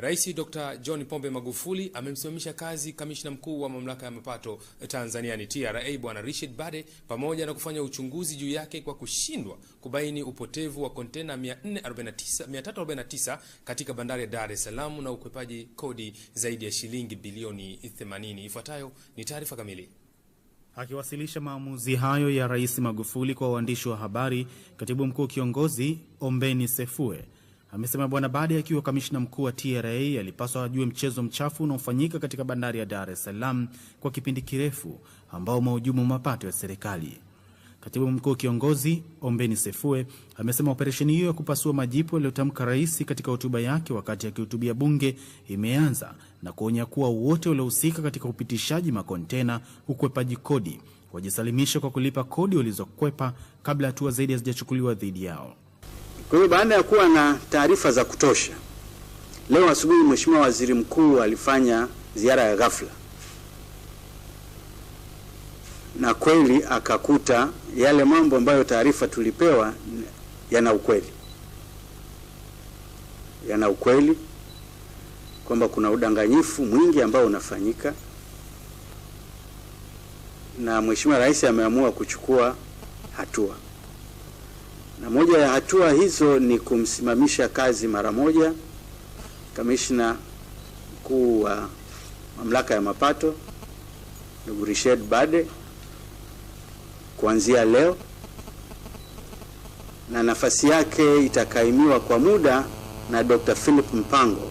Rais Dr. John Pombe Magufuli amemsimamisha kazi kamishna mkuu wa mamlaka ya mapato Tanzania ni TRA Bwana Richard Bade pamoja na kufanya uchunguzi juu yake kwa kushindwa kubaini upotevu wa kontena 349 katika bandari ya Dar es Salaam na ukwepaji kodi zaidi ya shilingi bilioni 80. Ifuatayo ni taarifa kamili. Akiwasilisha maamuzi hayo ya Rais Magufuli kwa waandishi wa habari, Katibu Mkuu Kiongozi Ombeni Sefue amesema Bwana Bade akiwa kamishna mkuu wa TRA alipaswa ajue mchezo mchafu unaofanyika katika bandari ya Dar es Salaam kwa kipindi kirefu ambao umehujumu mapato ya serikali. Katibu mkuu kiongozi Ombeni Sefue amesema operesheni hiyo ya kupasua majipu aliyotamka rais katika hotuba yake wakati akihutubia ya bunge imeanza na kuonya kuwa wote waliohusika katika upitishaji makontena, ukwepaji kodi wajisalimishe kwa kulipa kodi walizokwepa kabla hatua zaidi hazijachukuliwa dhidi yao. Kwa hiyo baada ya kuwa na taarifa za kutosha, leo asubuhi Mheshimiwa Waziri Mkuu alifanya ziara ya ghafla na kweli akakuta yale mambo ambayo taarifa tulipewa yana ukweli, yana ukweli kwamba kuna udanganyifu mwingi ambao unafanyika, na Mheshimiwa Rais ameamua kuchukua hatua na moja ya hatua hizo ni kumsimamisha kazi mara moja kamishna mkuu wa mamlaka ya mapato ndugu Richard Bade kuanzia leo, na nafasi yake itakaimiwa kwa muda na Dr. Philip Mpango.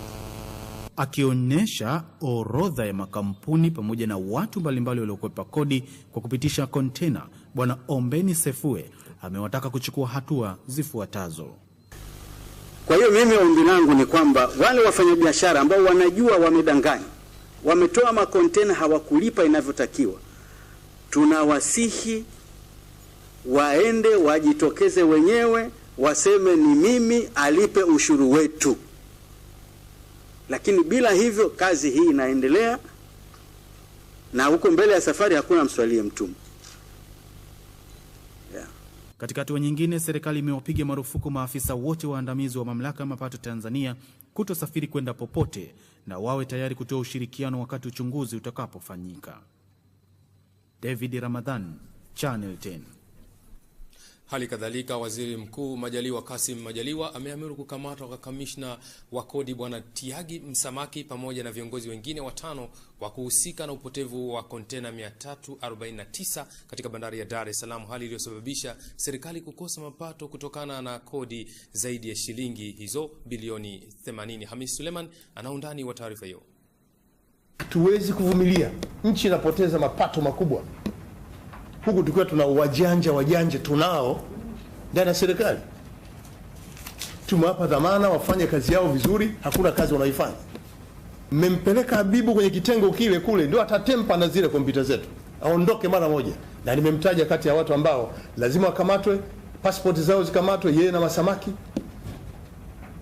Akionyesha orodha ya makampuni pamoja na watu mbalimbali waliokwepa kodi kwa kupitisha kontena, Bwana Ombeni Sefue amewataka kuchukua hatua zifuatazo. Kwa hiyo mimi ombi langu ni kwamba wale wafanyabiashara ambao wanajua wamedanganya, wametoa makontena hawakulipa inavyotakiwa, tunawasihi waende wajitokeze wenyewe, waseme ni mimi, alipe ushuru wetu. Lakini bila hivyo kazi hii inaendelea, na huko mbele ya safari hakuna mswalie mtumwa. Katika hatua nyingine, serikali imewapiga marufuku maafisa wote waandamizi wa mamlaka ya mapato Tanzania kutosafiri kwenda popote na wawe tayari kutoa ushirikiano wakati uchunguzi utakapofanyika. David Ramadhan, Channel 10. Hali kadhalika waziri mkuu Majaliwa Kasim Majaliwa ameamuru kukamatwa kwa kamishna wa kodi bwana Tiagi Msamaki pamoja na viongozi wengine watano wa kuhusika na upotevu wa kontena 349 katika bandari ya Dar es Salaam, hali iliyosababisha serikali kukosa mapato kutokana na kodi zaidi ya shilingi hizo bilioni 80. Hamis Suleman ana undani wa taarifa hiyo. Hatuwezi kuvumilia nchi inapoteza mapato makubwa huku tukiwa tuna wajanja wajanja tunao ndani ya serikali. Tumewapa dhamana wafanye kazi yao vizuri, hakuna kazi wanaoifanya. Mmempeleka Habibu kwenye kitengo kile kule, ndio atatempa na zile kompyuta zetu, aondoke mara moja, na nimemtaja kati ya watu ambao lazima wakamatwe, pasipoti zao zikamatwe, yeye na Masamaki,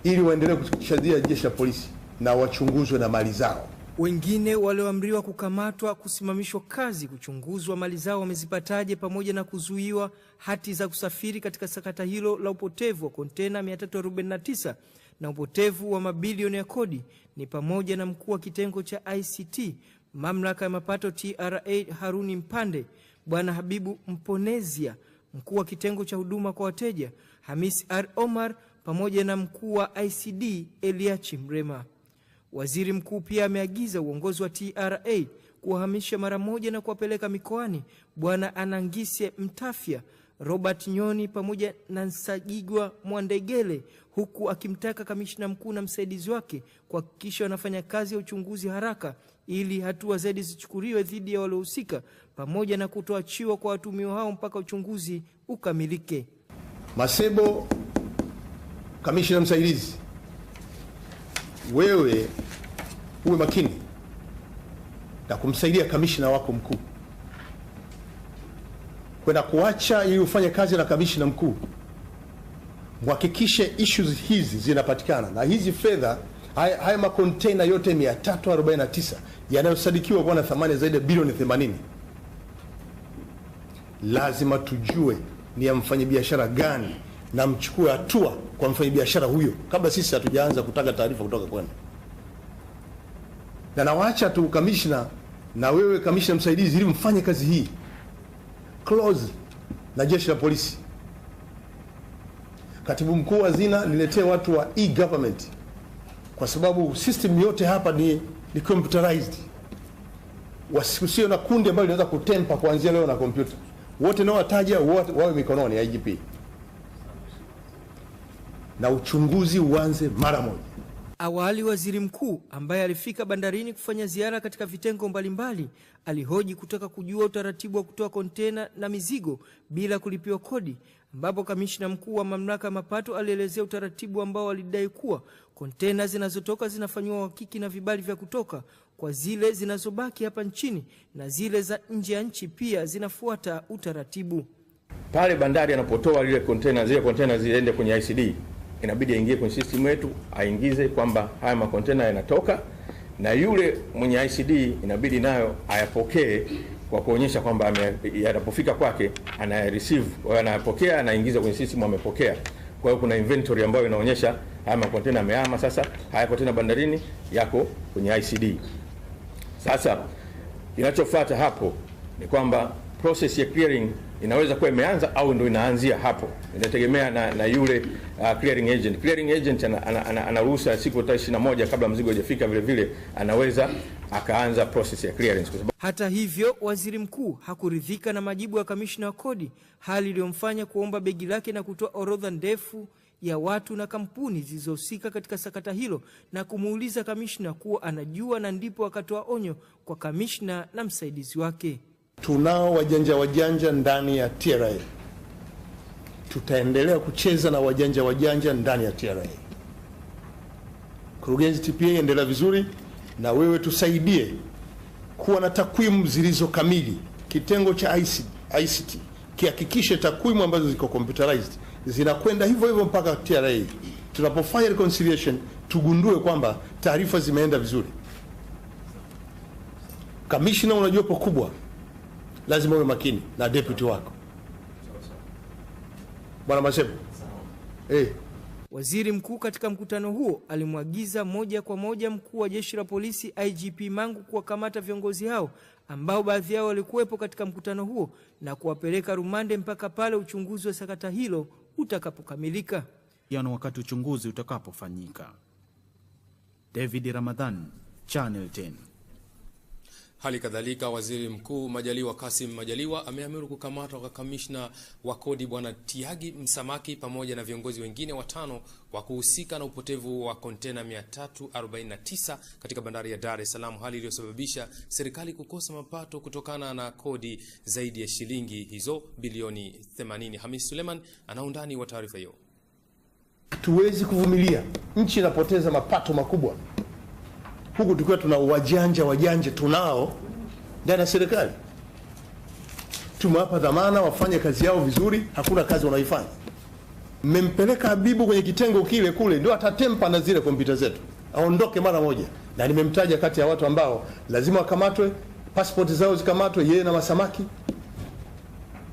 ili waendelee kushadia jeshi la polisi na wachunguzwe na mali zao. Wengine walioamriwa kukamatwa, kusimamishwa kazi, kuchunguzwa mali zao wamezipataje, pamoja na kuzuiwa hati za kusafiri katika sakata hilo la upotevu wa kontena 349 na upotevu wa mabilioni ya kodi ni pamoja na mkuu wa kitengo cha ICT mamlaka ya mapato TRA Haruni Mpande, Bwana Habibu Mponezia, mkuu wa kitengo cha huduma kwa wateja Hamis R Omar, pamoja na mkuu wa ICD Eliachi Mrema. Waziri mkuu pia ameagiza uongozi wa TRA kuwahamisha mara moja na kuwapeleka mikoani Bwana Anangise Mtafya, Robert Nyoni pamoja na Nsajigwa Mwandegele, huku akimtaka kamishna mkuu na msaidizi wake kuhakikisha wanafanya kazi ya uchunguzi haraka ili hatua zaidi zichukuliwe dhidi ya waliohusika pamoja na kutoachiwa kwa watumio hao mpaka uchunguzi ukamilike. Masebo, kamishna msaidizi, wewe uwe makini na kumsaidia kamishina wako mkuu kwenda kuacha ili ufanye kazi na kamishina mkuu, mhakikishe issues hizi zinapatikana na hizi fedha haya, haya makontena yote 349 yanayosadikiwa kuwa na thamani zaidi ya bilioni 80 lazima tujue ni ya mfanyabiashara gani na mchukue hatua kwa mfanyabiashara huyo kabla sisi hatujaanza kutaka taarifa kutoka kwenu na nawaacha tu kamishna na wewe kamishna msaidizi, ili mfanye kazi hii close na jeshi la polisi. Katibu mkuu wa hazina, niletee watu wa e-government, kwa sababu system yote hapa ni, ni computerized. Wasikusio na kundi ambalo linaweza kutempa kuanzia leo na kompyuta. Wote nao wataja wawe mikononi IGP, na uchunguzi uanze mara moja. Awali waziri mkuu ambaye alifika bandarini kufanya ziara katika vitengo mbalimbali alihoji kutaka kujua utaratibu wa kutoa kontena na mizigo bila kulipiwa kodi, ambapo kamishna mkuu wa mamlaka ya mapato alielezea utaratibu ambao alidai kuwa kontena zinazotoka zinafanyiwa uhakiki na vibali vya kutoka kwa zile zinazobaki hapa nchini na zile za nje ya nchi pia zinafuata utaratibu. Pale bandari anapotoa lile kontena, zile kontena ziende kwenye ICD inabidi aingie kwenye system yetu, aingize kwamba haya makontena yanatoka, na yule mwenye ICD inabidi nayo ayapokee kwa kuonyesha kwamba yanapofika kwake anayareceive, kwa anayapokea, anaingiza kwenye system, amepokea. Kwa hiyo kuna inventory ambayo inaonyesha haya makontena yamehama, sasa hayako tena bandarini, yako kwenye ICD. Sasa kinachofuata hapo ni kwamba process ya clearing inaweza kuwa imeanza au ndo inaanzia hapo, inategemea na, na yule uh, clearing agent. Clearing agent ana, ana, ana, ana siku ishirini na moja kabla mzigo hajafika, vile vile anaweza akaanza process ya clearance. Hata hivyo, waziri mkuu hakuridhika na majibu ya kamishna wa kodi, hali iliyomfanya kuomba begi lake na kutoa orodha ndefu ya watu na kampuni zilizohusika katika sakata hilo na kumuuliza kamishna kuwa anajua, na ndipo akatoa onyo kwa kamishna na msaidizi wake. Tunao wajanja wajanja ndani ya TRA, tutaendelea kucheza na wajanja wajanja ndani ya TRA. Mkurugenzi TPA, endelea vizuri na wewe, tusaidie kuwa na takwimu zilizo kamili. Kitengo cha ICT kihakikishe takwimu ambazo ziko computerized zinakwenda hivyo hivyo mpaka TRA. Tunapofanya reconciliation, tugundue kwamba taarifa zimeenda vizuri. Kamishna, unajua jopo kubwa lazima uwe makini na deputy wako. Bwana Masebu eh. Waziri mkuu katika mkutano huo alimwagiza moja kwa moja mkuu wa jeshi la polisi IGP Mangu kuwakamata viongozi hao ambao baadhi yao walikuwepo katika mkutano huo na kuwapeleka rumande mpaka pale uchunguzi wa sakata hilo utakapokamilika, yani wakati uchunguzi utakapofanyika. David Ramadhan, Channel 10. Hali kadhalika waziri mkuu Majaliwa Kasim Majaliwa ameamuru kukamatwa kwa kamishna wa kodi bwana Tiagi Msamaki pamoja na viongozi wengine watano kwa kuhusika na upotevu wa kontena 349 katika bandari ya Dar es Salaam, hali iliyosababisha serikali kukosa mapato kutokana na kodi zaidi ya shilingi hizo bilioni 80. Hamis Suleman ana undani wa taarifa hiyo. Hatuwezi kuvumilia nchi inapoteza mapato makubwa huku tukiwa tuna wajanja wajanja tunao ndani ya serikali. Tumewapa dhamana wafanye kazi yao vizuri, hakuna kazi wanaifanya. Mmempeleka Habibu kwenye kitengo kile kule, ndio atatempa na zile kompyuta zetu, aondoke mara moja. Na nimemtaja kati ya watu ambao lazima wakamatwe, pasipoti zao zikamatwe, yeye na Masamaki,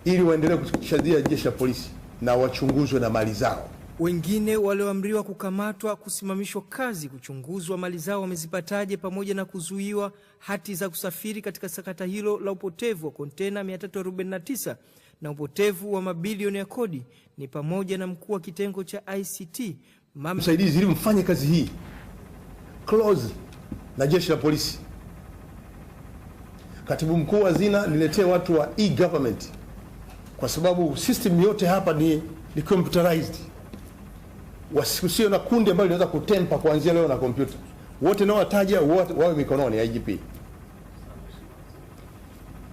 ili waendelee kushadia jeshi la polisi na wachunguzwe na mali zao. Wengine walioamriwa kukamatwa, kusimamishwa kazi, kuchunguzwa mali zao wamezipataje, pamoja na kuzuiwa hati za kusafiri katika sakata hilo la upotevu wa kontena 349 na upotevu wa mabilioni ya kodi ni pamoja na mkuu wa kitengo cha ICT msaidizi ili mfanye kazi hii close na jeshi la polisi. Katibu mkuu wa hazina, niletee watu wa e-government, kwa sababu system yote hapa ni, ni computerized wasikusio na kundi ambalo linaweza kutempa kuanzia leo na kompyuta. Wote nao wataja wawe mikononi ya IGP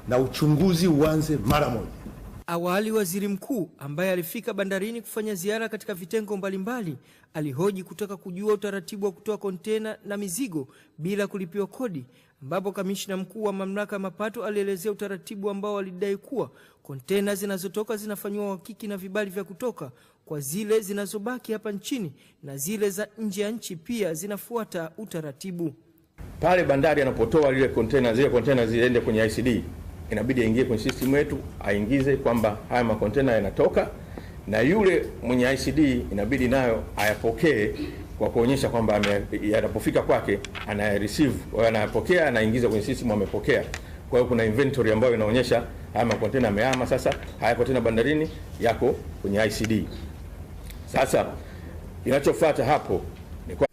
na uchunguzi uanze mara moja. Awali waziri mkuu ambaye alifika bandarini kufanya ziara katika vitengo mbalimbali alihoji kutaka kujua utaratibu wa kutoa kontena na mizigo bila kulipiwa kodi ambapo kamishna mkuu wa mamlaka ya mapato alielezea utaratibu ambao walidai kuwa kontena zinazotoka zinafanyiwa uhakiki na vibali vya kutoka kwa zile zinazobaki hapa nchini na zile za nje ya nchi pia zinafuata utaratibu. Pale bandari anapotoa lile kontena, zile kontena ziende kwenye ICD, inabidi aingie kwenye system yetu, aingize kwamba haya makontena yanatoka, na yule mwenye ICD inabidi nayo ayapokee kwa kuonyesha kwamba yanapofika kwake anayareceive, anayapokea, anaingiza kwenye system, amepokea. Kwa hiyo kuna inventory ambayo inaonyesha haya makontena yamehama, sasa hayako tena bandarini, yako kwenye ICD. Sasa inachofuata hapo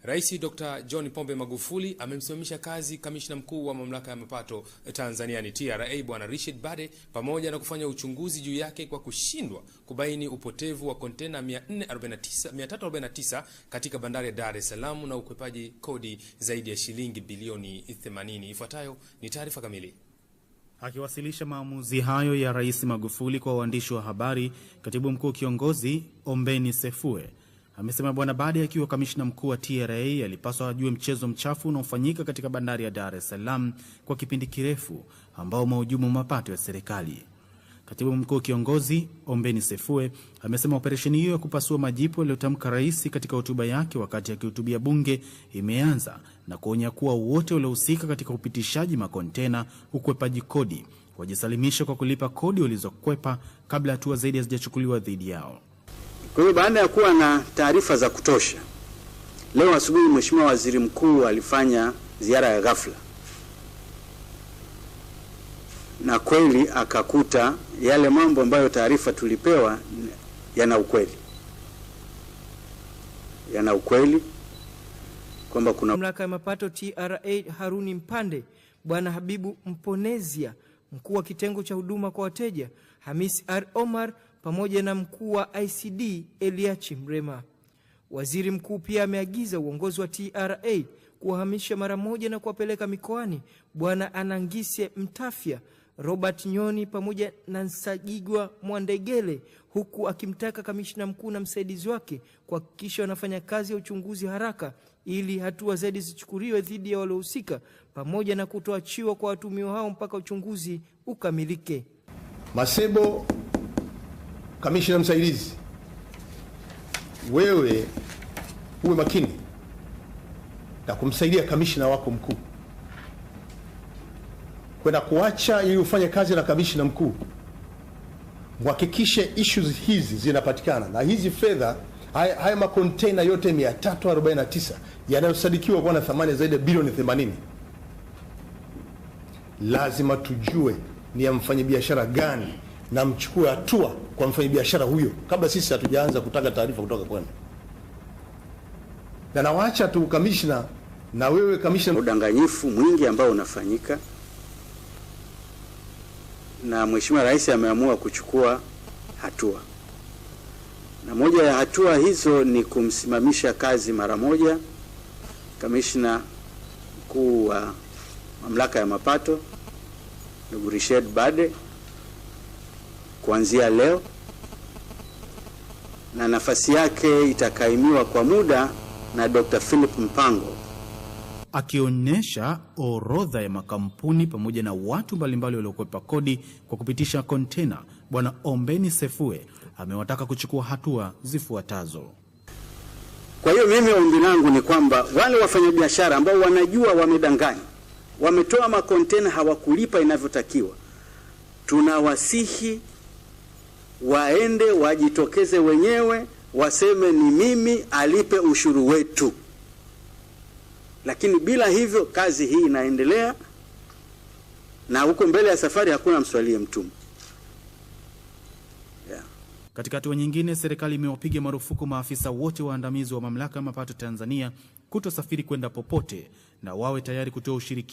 Rais Dr. John Pombe Magufuli amemsimamisha kazi kamishna mkuu wa mamlaka ya mapato Tanzania ni TRA Bwana Richard Bade pamoja na kufanya uchunguzi juu yake kwa kushindwa kubaini upotevu wa kontena 349 katika bandari ya Dar es Salaam na ukwepaji kodi zaidi ya shilingi bilioni 80. Ifuatayo ni taarifa kamili. Akiwasilisha maamuzi hayo ya Rais Magufuli kwa waandishi wa habari, katibu mkuu kiongozi Ombeni Sefue amesema Bwana Bade akiwa kamishna mkuu wa TRA alipaswa ajue mchezo mchafu unaofanyika katika bandari ya Dar es Salaam kwa kipindi kirefu ambao umehujumu mapato ya serikali. Katibu mkuu kiongozi Ombeni Sefue amesema operesheni hiyo ya kupasua majipu aliyotamka rais katika hotuba yake wakati akihutubia ya bunge imeanza na kuonya kuwa wote waliohusika katika upitishaji makontena, ukwepaji kodi wajisalimisha kwa kulipa kodi walizokwepa kabla hatua zaidi hazijachukuliwa dhidi yao. Kwa hiyo baada ya kuwa na taarifa za kutosha, leo asubuhi Mheshimiwa Waziri Mkuu alifanya ziara ya ghafla na kweli akakuta yale mambo ambayo taarifa tulipewa yana ukweli, yana ukweli kwamba kuna mamlaka ya mapato TRA Haruni Mpande, Bwana Habibu Mponezia, mkuu wa kitengo cha huduma kwa wateja Hamis R Omar pamoja na mkuu wa ICD Eliachi Mrema. Waziri mkuu pia ameagiza uongozi wa TRA kuwahamisha mara moja na kuwapeleka mikoani Bwana Anangise Mtafya, Robert Nyoni pamoja na Nsajigwa Mwandegele, huku akimtaka kamishna mkuu na msaidizi wake kuhakikisha wanafanya kazi ya uchunguzi haraka ili hatua zaidi zichukuliwe dhidi ya waliohusika pamoja na kutoachiwa kwa watuhumiwa hao mpaka uchunguzi ukamilike. Masebo kamishina msaidizi, wewe uwe makini na kumsaidia kamishina wako mkuu kwenda kuacha ili ufanye kazi na kamishina mkuu, mhakikishe issues hizi zinapatikana na hizi fedha haya, haya yote 349 yanayosadikiwa kuwa na thamani zaidi ya bilioni 80 lazima tujue ni ya mfanyabiashara gani na mchukue hatua kwa mfanyabiashara huyo kabla sisi hatujaanza kutaka taarifa kutoka kwenu. Na nawaacha tu kamishna na wewe kamishna, udanganyifu mwingi ambao unafanyika na Mheshimiwa Rais ameamua kuchukua hatua, na moja ya hatua hizo ni kumsimamisha kazi mara moja kamishna mkuu wa mamlaka ya mapato ndugu Richard Bade kuanzia leo na nafasi yake itakaimiwa kwa muda na Dr. Philip Mpango. Akionyesha orodha ya makampuni pamoja na watu mbalimbali waliokwepa kodi kwa kupitisha kontena, Bwana Ombeni Sefue amewataka kuchukua hatua zifuatazo. Kwa hiyo mimi ombi langu ni kwamba wale wafanyabiashara ambao wanajua wamedanganya, wametoa makontena hawakulipa inavyotakiwa, tunawasihi waende wajitokeze wenyewe waseme ni mimi, alipe ushuru wetu. Lakini bila hivyo kazi hii inaendelea, na huko mbele ya safari hakuna mswalie mtume. Katika hatua nyingine, serikali imewapiga marufuku maafisa wote waandamizi wa mamlaka ya mapato Tanzania kutosafiri kwenda popote na wawe tayari kutoa ushirikiano